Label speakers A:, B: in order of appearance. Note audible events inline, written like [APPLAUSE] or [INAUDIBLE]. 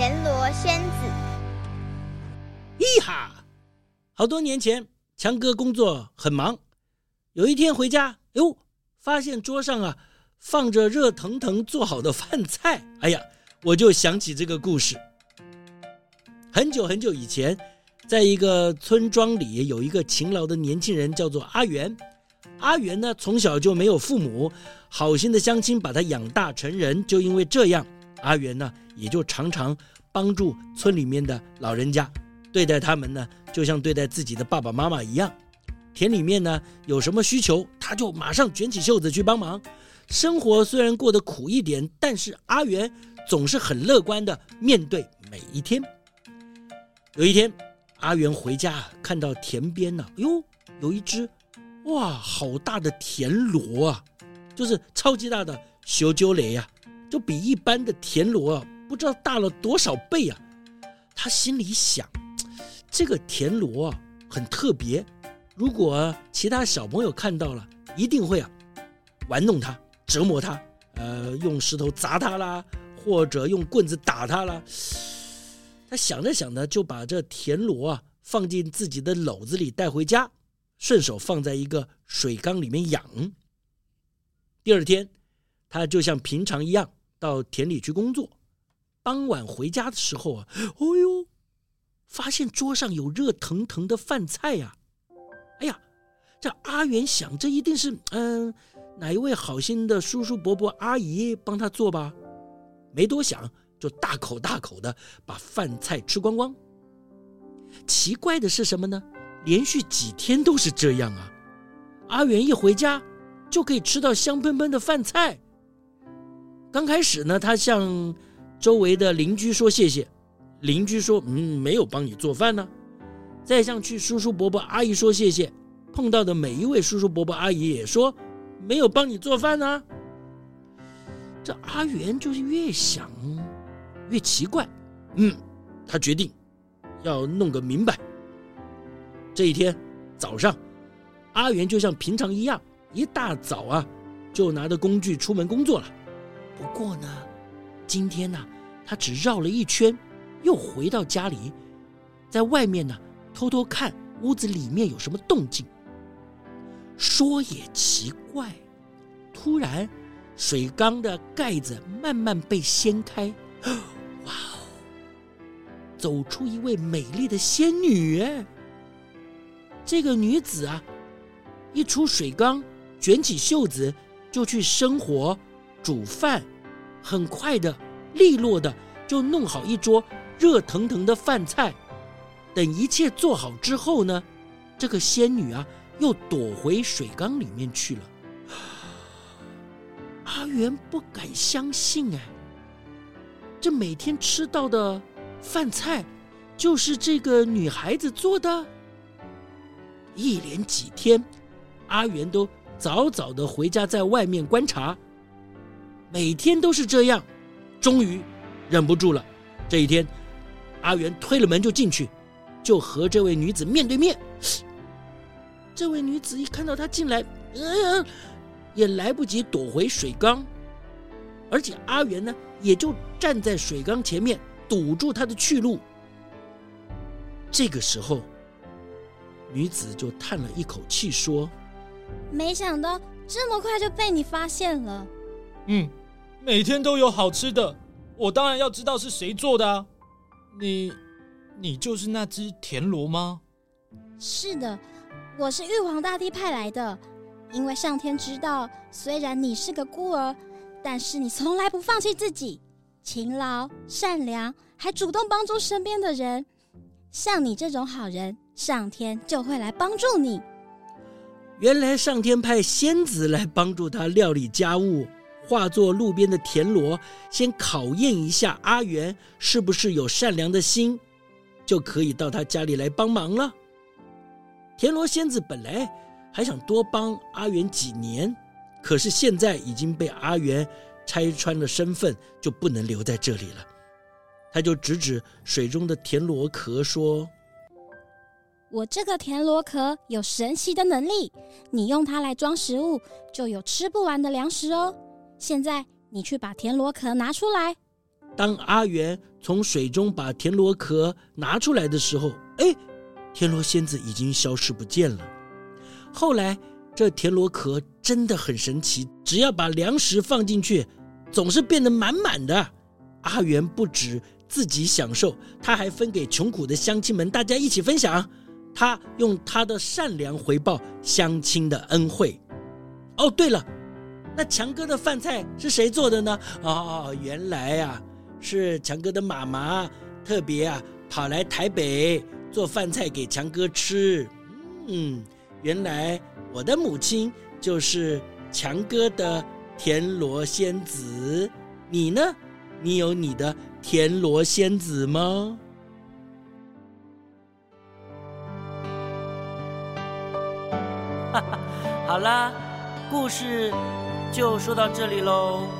A: 田螺仙子，一哈，好多年前，強哥工作很忙，有一天回家，哎呦，發現桌上啊放着熱騰騰做好的飯菜，哎呀，我就想起這個故事。很久很久以前，在一個村莊裡，有一個勤勞的年輕人，叫做阿原。阿原呢，從小就沒有父母，好心的鄉親把他養大成人。就因為這樣，阿原呢，也就常常幫助村裡面的老人家，對待他們呢，就像對待自己的爸爸媽媽一樣。田裡面呢，有什麼需求，他就馬上捲起袖子去幫忙。生活雖然過得苦一點，但是阿原總是很樂觀的面對每一天。有一天，阿原回家看到田邊呢、啊，喲、哎，有一隻，哇，好大的田螺啊，就是超級大的小九雷呀、啊，就比一般的田螺啊。不知道大了多少倍呀、啊！他心裡想，這個田螺啊很特別，如果其他小朋友看到了，一定會啊玩弄它、折磨它，呃，用石頭砸它啦，或者用棍子打它啦。他想着想着，就把這田螺啊放進自己的簍子裡帶回家，順手放在一個水缸裡面養。第二天，他就像平常一樣到田裡去工作。傍晚回家的時候啊，哎、哦、呦，發現桌上有熱騰騰的飯菜呀、啊！哎呀，這阿原想，這一定是嗯，哪一位好心的叔叔、伯伯、阿姨幫他做吧？沒多想，就大口大口的把飯菜吃光光。奇怪的是什麼呢？連續幾天都是這樣啊！阿原一回家就可以吃到香噴噴的飯菜。剛開始呢，他想，周圍的鄰居說謝謝，鄰居說嗯，沒有幫你做飯呢、啊，再向去叔叔伯伯阿姨說謝謝，碰到的每一位叔叔伯伯阿姨也說沒有幫你做飯呢、啊，這阿原就是越想越奇怪，嗯，他決定要弄個明白。這一天早上，阿原就像平常一樣，一大早啊就拿着工具出門工作了，不過呢。今天呢、啊，他只繞了一圈，又回到家裡，在外面呢偷偷看屋子裡面有什麼動靜。說也奇怪，突然，水缸的蓋子慢慢被掀開，哇哦，走出一位美麗的仙女。這個女子啊，一出水缸，捲起袖子就去生火煮飯。很快的、利落的就弄好一桌熱騰騰的飯菜。等一切做好之後呢，這個仙女啊又躲回水缸裡面去了。阿原不敢相信，哎，這每天吃到的飯菜就是這個女孩子做的。一連幾天，阿原都早早的回家，在外面觀察。每天都是這樣，終於忍不住了。這一天，阿原推了門就進去，就和這位女子面對面。這位女子一看到他進來，呃，也來不及躲回水缸，而且阿原呢，也就站在水缸前面堵住他的去路。這個時候，女子就嘆了一口氣說：“
B: 沒想到這麼快就被你發現了。”
A: 嗯。每天都有好吃的，我當然要知道是誰做的啊！
B: 你，你就是那隻田螺嗎？是的，我是玉皇大帝派來的，因為上天知道，雖然你是個孤兒，但是你從來不放棄自己，勤勞善良，還主動幫助身邊的人。像你這種好人，上天就會來幫助你。
A: 原來上天派仙子來幫助他料理家務。化作路邊的田螺，先考驗一下阿原是不是有善良的心，就可以到他家裡來幫忙了，田螺仙子本來還想多幫阿原幾年，可是現在已經被阿原拆穿了身份，就不能留在這裡了。他就指指水中的田螺殼說：“
B: 我這個田螺殼有神奇的能力，你用它來裝食物，就有吃不完的糧食哦。”現在你去把田螺殼拿出來。
A: 當阿原從水中把田螺殼拿出來的時候，哎，田螺仙子已經消失不見了。後來這田螺殼真的很神奇，只要把糧食放進去，總是變得滿滿的。阿原不止自己享受，他還分給窮苦的鄉親們，大家一起分享。他用他的善良回報鄉親的恩惠。哦，對了。那強哥的飯菜是誰做的呢？哦，原來啊，是強哥的媽媽特別啊，跑來台北做飯菜給強哥吃。嗯，原來我的母親就是強哥的田螺仙子。你呢？你有你的田螺仙子嗎？ [LAUGHS] 好啦，故事，就說到這裡嘍。